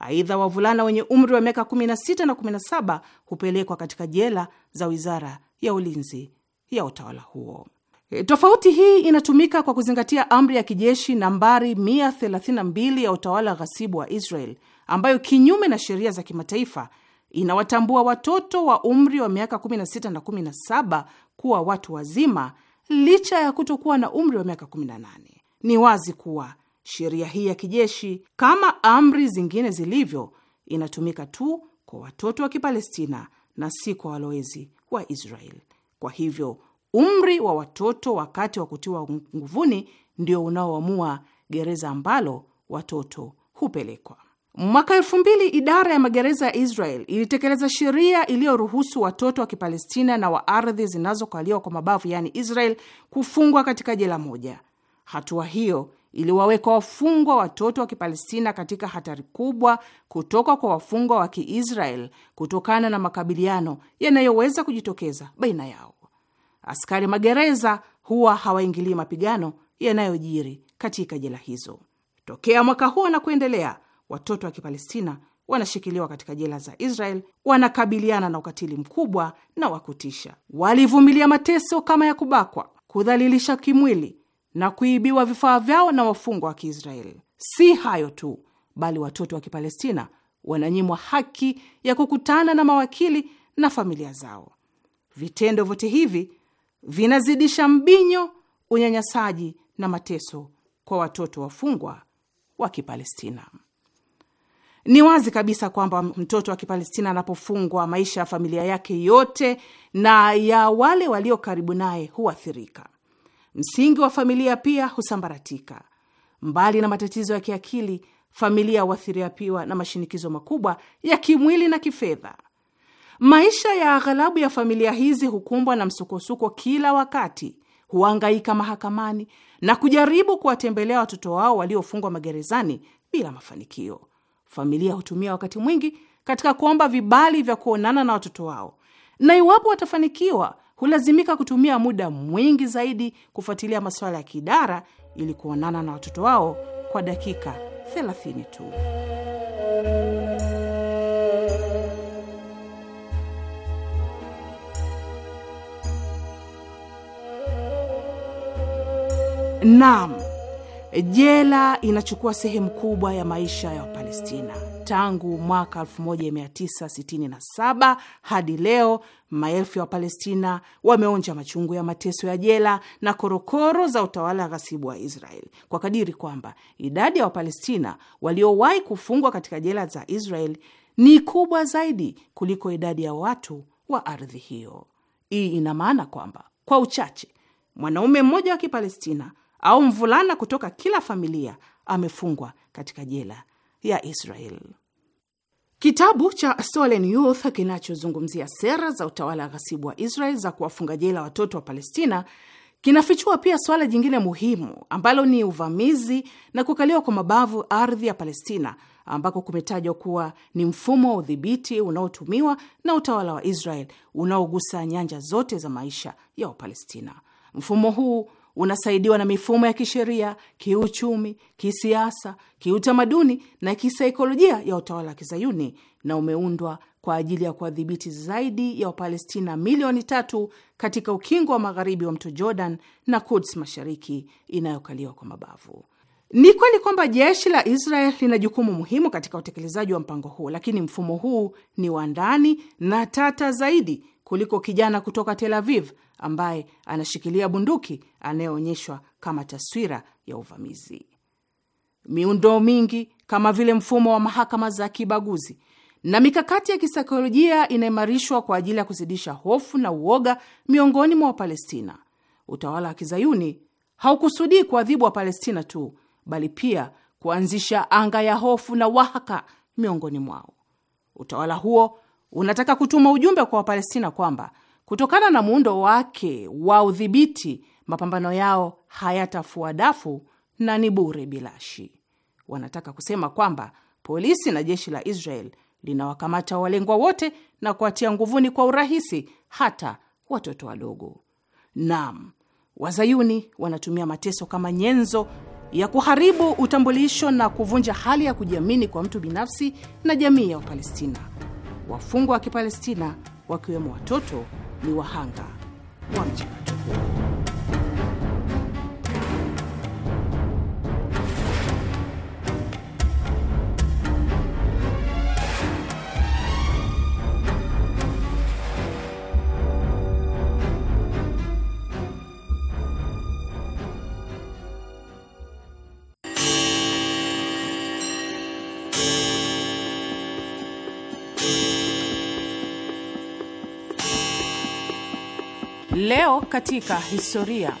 Aidha, wavulana wenye umri wa miaka 16 na 17 hupelekwa katika jela za Wizara ya Ulinzi ya utawala huo. E, tofauti hii inatumika kwa kuzingatia amri ya kijeshi nambari 132 ya utawala ghasibu wa Israel ambayo kinyume na sheria za kimataifa inawatambua watoto wa umri wa miaka 16 na 17 kuwa watu wazima licha ya kutokuwa na umri wa miaka 18. Ni wazi kuwa sheria hii ya kijeshi, kama amri zingine zilivyo, inatumika tu kwa watoto wa Kipalestina na si kwa walowezi wa israel Kwa hivyo umri wa watoto wakati wa kutiwa nguvuni ndio unaoamua gereza ambalo watoto hupelekwa. Mwaka elfu mbili idara ya magereza ya Israel ilitekeleza sheria iliyoruhusu watoto wa Kipalestina na wa ardhi zinazokaliwa kwa mabavu yaani Israel kufungwa katika jela moja. Hatua hiyo iliwaweka wafungwa watoto wa Kipalestina katika hatari kubwa kutoka kwa wafungwa wa Kiisrael kutokana na makabiliano yanayoweza kujitokeza baina yao. Askari magereza huwa hawaingilii mapigano yanayojiri katika jela hizo. Tokea mwaka huo na kuendelea watoto wa Kipalestina wanashikiliwa katika jela za Israel wanakabiliana na ukatili mkubwa na wa kutisha. Walivumilia mateso kama ya kubakwa, kudhalilisha kimwili na kuibiwa vifaa vyao na wafungwa wa Kiisraeli. Si hayo tu, bali watoto wa Kipalestina wananyimwa haki ya kukutana na mawakili na familia zao. Vitendo vyote hivi vinazidisha mbinyo, unyanyasaji na mateso kwa watoto wafungwa wa Kipalestina. Ni wazi kabisa kwamba mtoto wa Kipalestina anapofungwa, maisha ya familia yake yote na ya wale walio karibu naye huathirika. Msingi wa familia pia husambaratika. Mbali na matatizo ya kiakili, familia huathiriwa na mashinikizo makubwa ya kimwili na kifedha. Maisha ya aghalabu ya familia hizi hukumbwa na msukosuko kila wakati, huangaika mahakamani na kujaribu kuwatembelea watoto wao waliofungwa magerezani bila mafanikio. Familia hutumia wakati mwingi katika kuomba vibali vya kuonana na watoto wao, na iwapo watafanikiwa, hulazimika kutumia muda mwingi zaidi kufuatilia masuala ya kiidara ili kuonana na watoto wao kwa dakika 30 tu. Naam. Jela inachukua sehemu kubwa ya maisha ya Wapalestina tangu mwaka 1967 hadi leo. Maelfu ya Wapalestina wameonja machungu ya mateso ya jela na korokoro za utawala ghasibu wa israel kwa kadiri kwamba idadi ya Wapalestina waliowahi kufungwa katika jela za israel ni kubwa zaidi kuliko idadi ya watu wa ardhi hiyo. Hii ina maana kwamba kwa uchache mwanaume mmoja wa Kipalestina au mvulana kutoka kila familia amefungwa katika jela ya Israel. Kitabu cha Stolen Youth kinachozungumzia sera za utawala ghasibu wa Israel za kuwafunga jela watoto wa Palestina kinafichua pia suala jingine muhimu ambalo ni uvamizi na kukaliwa kwa mabavu ardhi ya Palestina, ambako kumetajwa kuwa ni mfumo wa udhibiti unaotumiwa na utawala wa Israel unaogusa nyanja zote za maisha ya Wapalestina. Mfumo huu unasaidiwa na mifumo ya kisheria, kiuchumi, kisiasa, kiutamaduni na kisaikolojia ya utawala wa Kizayuni, na umeundwa kwa ajili ya kuwadhibiti zaidi ya Wapalestina milioni tatu katika ukingo wa magharibi wa mto Jordan na Kuds mashariki inayokaliwa kwa mabavu. Ni kweli kwamba jeshi la Israel lina jukumu muhimu katika utekelezaji wa mpango huu, lakini mfumo huu ni wa ndani na tata zaidi kuliko kijana kutoka Tel Aviv ambaye anashikilia bunduki anayeonyeshwa kama taswira ya uvamizi. Miundo mingi kama vile mfumo wa mahakama za kibaguzi na mikakati ya kisaikolojia inaimarishwa kwa ajili ya kuzidisha hofu na uoga miongoni mwa Wapalestina. Utawala wa kizayuni haukusudii kuadhibu Wapalestina tu, bali pia kuanzisha anga ya hofu na wahaka miongoni mwao. Utawala huo unataka kutuma ujumbe kwa Wapalestina kwamba Kutokana na muundo wake wa udhibiti, mapambano yao hayatafua dafu na ni bure bilashi. Wanataka kusema kwamba polisi na jeshi la Israel linawakamata walengwa wote na kuwatia nguvuni kwa urahisi, hata watoto wadogo. Naam, Wazayuni wanatumia mateso kama nyenzo ya kuharibu utambulisho na kuvunja hali ya kujiamini kwa mtu binafsi na jamii ya Wapalestina. Wafungwa wa Kipalestina wakiwemo watoto 你我汉家，万年。Leo katika historia.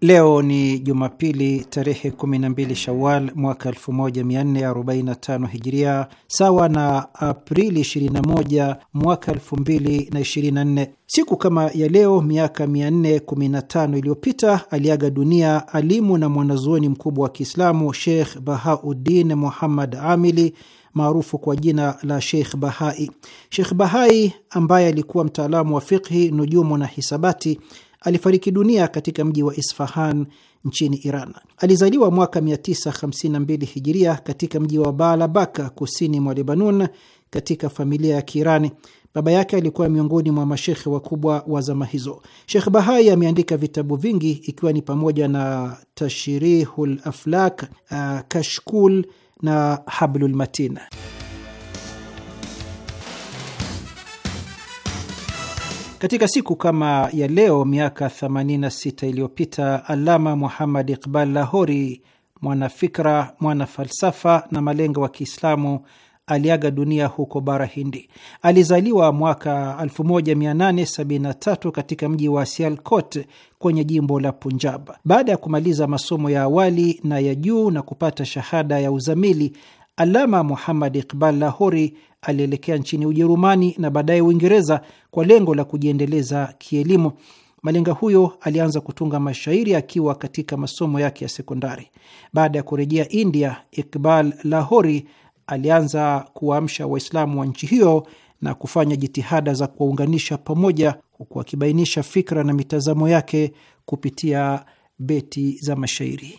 Leo ni Jumapili tarehe 12 Shawal mwaka 1445 Hijiria, sawa na Aprili 21 mwaka 2024. Siku kama ya leo miaka 415 iliyopita aliaga dunia alimu na mwanazuoni mkubwa wa Kiislamu Sheikh Bahauddin Muhammad Amili maarufu kwa jina la Sheikh Bahai. Sheikh Bahai ambaye alikuwa mtaalamu wa fiqhi, nujumu na hisabati alifariki dunia katika mji wa Isfahan nchini Iran. Alizaliwa mwaka 952 hijiria katika mji wa Baalabaka kusini mwa Lebanon katika familia ya Kiirani. Baba yake alikuwa miongoni mwa mashekhe wakubwa wa zama hizo. Shekh Bahai ameandika vitabu vingi ikiwa ni pamoja na Tashrihul Aflak, uh, Kashkul na hablul matin. Katika siku kama ya leo miaka 86 iliyopita Alama Muhammad Iqbal Lahori, mwanafikra, mwanafalsafa na malengo wa Kiislamu aliaga dunia huko bara Hindi. Alizaliwa mwaka 1873 katika mji wa Sialkot kwenye jimbo la Punjab. Baada ya kumaliza masomo ya awali na ya juu na kupata shahada ya uzamili, Alama Muhammad Iqbal Lahori alielekea nchini Ujerumani na baadaye Uingereza kwa lengo la kujiendeleza kielimu. Malenga huyo alianza kutunga mashairi akiwa katika masomo yake ya sekondari. Baada ya kurejea India, Iqbal Lahori alianza kuwaamsha Waislamu wa nchi hiyo na kufanya jitihada za kuwaunganisha pamoja, huku akibainisha fikra na mitazamo yake kupitia beti za mashairi.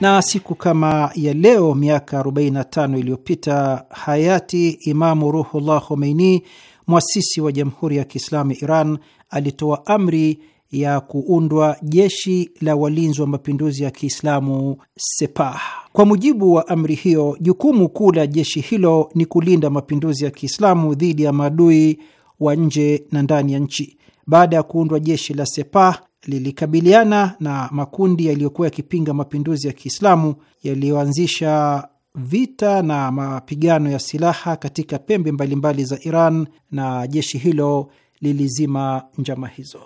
Na siku kama ya leo miaka 45 iliyopita hayati Imamu Ruhullah Khomeini, mwasisi wa Jamhuri ya Kiislamu Iran, alitoa amri ya kuundwa jeshi la walinzi wa mapinduzi ya Kiislamu Sepah. Kwa mujibu wa amri hiyo, jukumu kuu la jeshi hilo ni kulinda mapinduzi ya Kiislamu dhidi ya maadui wa nje na ndani ya nchi. Baada ya kuundwa jeshi la Sepah lilikabiliana na makundi yaliyokuwa yakipinga mapinduzi ya Kiislamu yaliyoanzisha vita na mapigano ya silaha katika pembe mbalimbali za Iran na jeshi hilo lilizima njama hizo.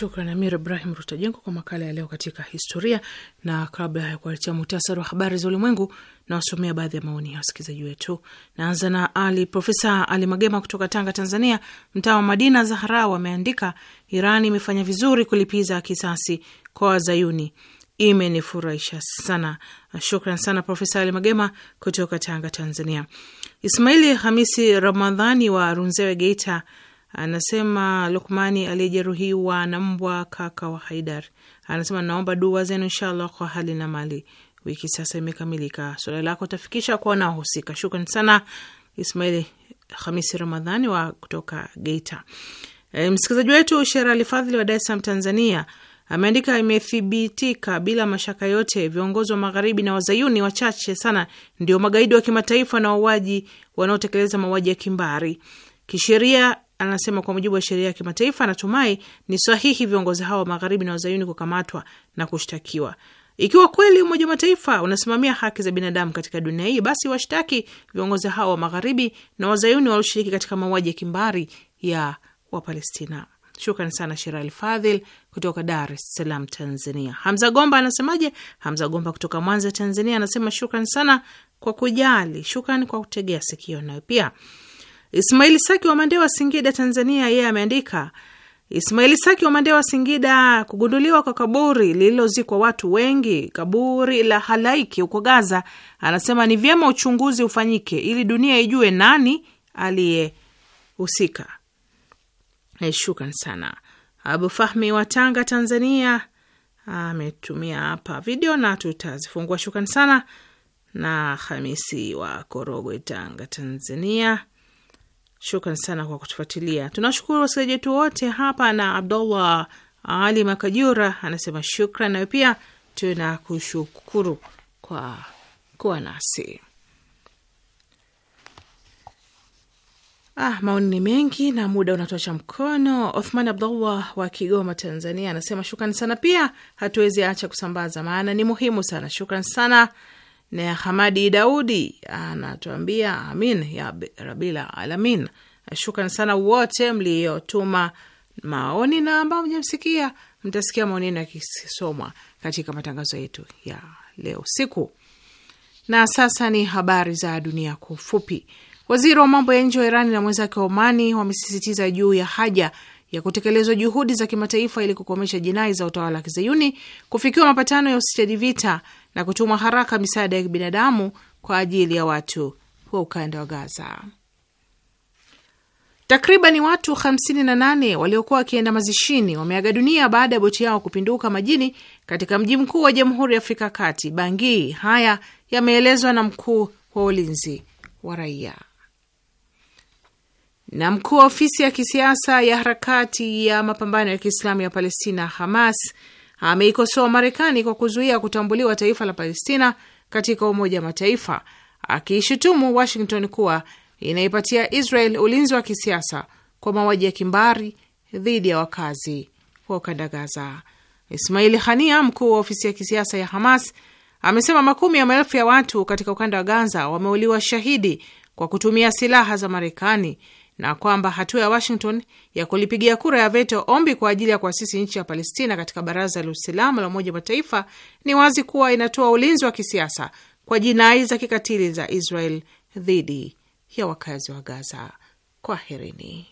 Shukran Amir Ibrahim Rutajengo kwa makala ya leo katika historia. Na kabla ya kualetea muhtasari wa habari za ulimwengu, nawasomea baadhi ya maoni ya wasikilizaji wetu. Naanza na Ali Profesa Ali Magema kutoka Tanga, Tanzania, mtaa wa Madina Zaharau, ameandika iran imefanya vizuri kulipiza kisasi kwa Wazayuni, imenifurahisha sana. Shukran sana Profesa Ali Magema kutoka Tanga, Tanzania. Ismaili Hamisi Ramadhani wa Runzewe, Geita Anasema Lukmani aliyejeruhiwa na mbwa kaka wa Haidar anasema naomba dua zenu inshallah kwa hali na mali. Wiki sasa imekamilika, swala lako utafikisha kwa wanaohusika. Shukran sana Ismaili Hamisi Ramadhani wa kutoka Geita. E, msikilizaji wetu Sherali Fadhili wa Dar es Salaam, Tanzania ameandika imethibitika bila mashaka yote, viongozi wa magharibi na wazayuni wachache sana ndio magaidi wa kimataifa na wauaji wanaotekeleza mauaji ya kimbari. Kisheria anasema kwa mujibu wa sheria ya kimataifa, anatumai ni sahihi viongozi hao wa magharibi na wazayuni kukamatwa na kushtakiwa. Ikiwa kweli Umoja wa Mataifa unasimamia haki za binadamu katika dunia hii, basi washtaki viongozi hao wa magharibi na wazayuni walioshiriki katika mauaji ya kimbari ya Wapalestina. Shukran sana shira Fadhil kutoka Dar es Salaam, Tanzania. Hamza Gomba anasemaje? Hamza Gomba kutoka Mwanza, Tanzania, anasema shukran sana kwa kujali, shukran kwa kutegea sikio. Nayo pia Ismaili Saki wa Mandewa, Singida, Tanzania, yeye ameandika Ismail Saki wa Mandewa, Singida, kugunduliwa kwa kaburi lililozikwa watu wengi, kaburi la halaiki huko Gaza. Anasema ni vyema uchunguzi ufanyike ili dunia ijue nani aliyehusika. E, shukran sana. Abu Fahmi wa Tanga, Tanzania, ametumia hapa video na tutazifungua. Shukran sana. Na Hamisi wa Korogwe, Tanga, Tanzania, Shukran sana kwa kutufuatilia. Tunashukuru wasikilizaji wetu wote hapa, na Abdullah Ali Makajura anasema shukran. Nawe pia tunakushukuru kwa kuwa nasi. Ah, maoni ni mengi na muda unatuacha mkono. Othman Abdullah wa Kigoma, Tanzania anasema shukran sana pia, hatuwezi acha kusambaza, maana ni muhimu sana. Shukran sana Ne Hamadi Daudi anatuambia amin ya rabil alamin. Shukran sana wote mliotuma maoni na ambao mjamsikia, mtasikia maoni yenu yakisomwa katika matangazo yetu ya leo siku. Na sasa ni habari za dunia kwa ufupi. Waziri wa mambo ya nje wa Irani na mwenzake wa Omani wamesisitiza juu ya haja ya kutekelezwa juhudi za kimataifa ili kukomesha jinai za utawala wa Kizayuni, kufikiwa mapatano ya usitishaji vita na kutumwa haraka misaada ya kibinadamu kwa ajili ya watu wa ukanda wa Gaza. Takribani watu 58 waliokuwa wakienda mazishini wameaga dunia baada ya boti yao kupinduka majini katika mji mkuu wa Jamhuri ya Afrika Kati, Bangui. Haya yameelezwa na mkuu wa ulinzi wa raia na mkuu wa ofisi ya kisiasa ya harakati ya mapambano ya Kiislamu ya Palestina, Hamas, ameikosoa Marekani kwa kuzuia kutambuliwa taifa la Palestina katika Umoja wa Mataifa, akiishutumu Washington kuwa inaipatia Israel ulinzi wa kisiasa kwa mauaji ya kimbari dhidi ya wakazi wa ukanda Gaza. Ismaili Hania, mkuu wa ofisi ya kisiasa ya Hamas, amesema makumi ya maelfu ya watu katika ukanda wa Gaza wameuliwa shahidi kwa kutumia silaha za Marekani na kwamba hatua ya Washington ya kulipigia kura ya veto ombi kwa ajili ya kuasisi nchi ya Palestina katika Baraza la Usalama la Umoja wa Mataifa ni wazi kuwa inatoa ulinzi wa kisiasa kwa jinai za kikatili za Israel dhidi ya wakazi wa Gaza. Kwaherini.